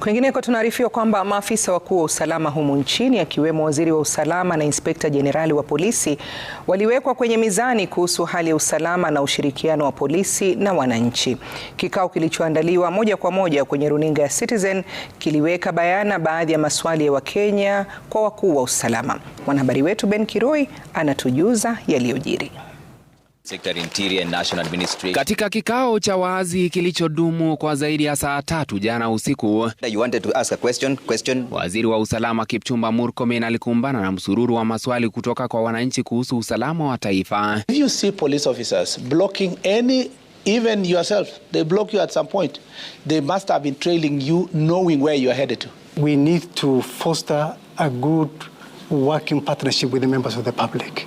Kwingineko tunaarifiwa kwamba maafisa wakuu wa usalama humu nchini akiwemo waziri wa usalama na inspekta jenerali wa polisi waliwekwa kwenye mizani kuhusu hali ya usalama na ushirikiano wa polisi na wananchi. Kikao kilichoandaliwa moja kwa moja kwenye runinga ya Citizen kiliweka bayana baadhi ya maswali ya Wakenya kwa wakuu wa usalama. Mwanahabari wetu Ben Kiroi anatujuza yaliyojiri. Katika kikao cha wazi kilichodumu kwa zaidi ya saa tatu jana usiku question, question. Waziri wa usalama Kipchumba Murkomen alikumbana na msururu wa maswali kutoka kwa wananchi kuhusu usalama wa taifa. We need to foster a good working partnership with the members of the public.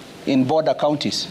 in border counties.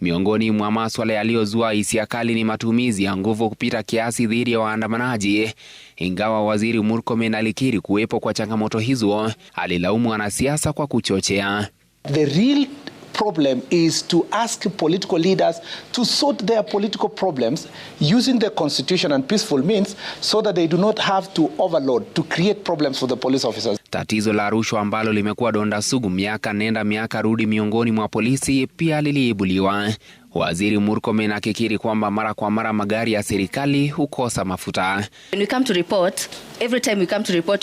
Miongoni mwa maswala yaliyozua hisia kali ni matumizi ya nguvu kupita kiasi dhidi ya waandamanaji. Ingawa Waziri Murkomen alikiri kuwepo kwa changamoto hizo, alilaumu wanasiasa kwa kuchochea. The real problem is to ask political leaders to sort their political problems using the constitution and peaceful means so that they do not have to overload to create problems for the police officers. Tatizo la rushwa ambalo limekuwa donda sugu miaka nenda miaka rudi miongoni mwa polisi pia liliibuliwa. Waziri Murkomen akikiri kwamba mara kwa mara magari ya serikali hukosa mafuta. When we we come come to to report, report, every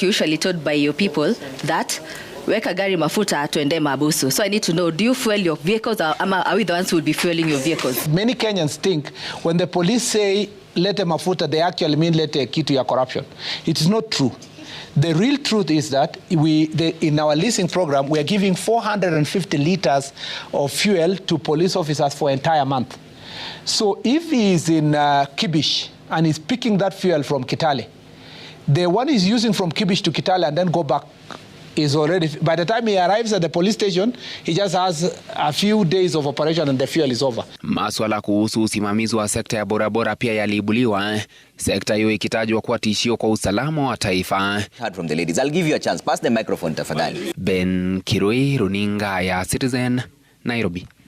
time usually told by your people that Weka gari mafuta tuende Mabusu. So I need to know, do you fuel your vehicles or are we the ones who will be fueling your vehicles? Many Kenyans think when the police say lete mafuta, they actually mean lete kitu ya corruption. It is not true. The real truth is that we, the, in our leasing program, we are giving 450 liters of fuel to police officers for entire month. So if he is in uh, Kibish and is picking that fuel from Kitale, the one is using from Kibish to Kitale and then go back is already, by the time he arrives at the police station, he just has a few days of operation and the fuel is over. Maswala kuhusu usimamizi wa sekta ya borabora pia yaliibuliwa, eh. sekta hiyo ikitajwa kuwa tishio kwa usalama wa taifa. Eh. from the the ladies. I'll give you a chance. Pass microphone Ben Kirui, runinga ya Citizen, Nairobi.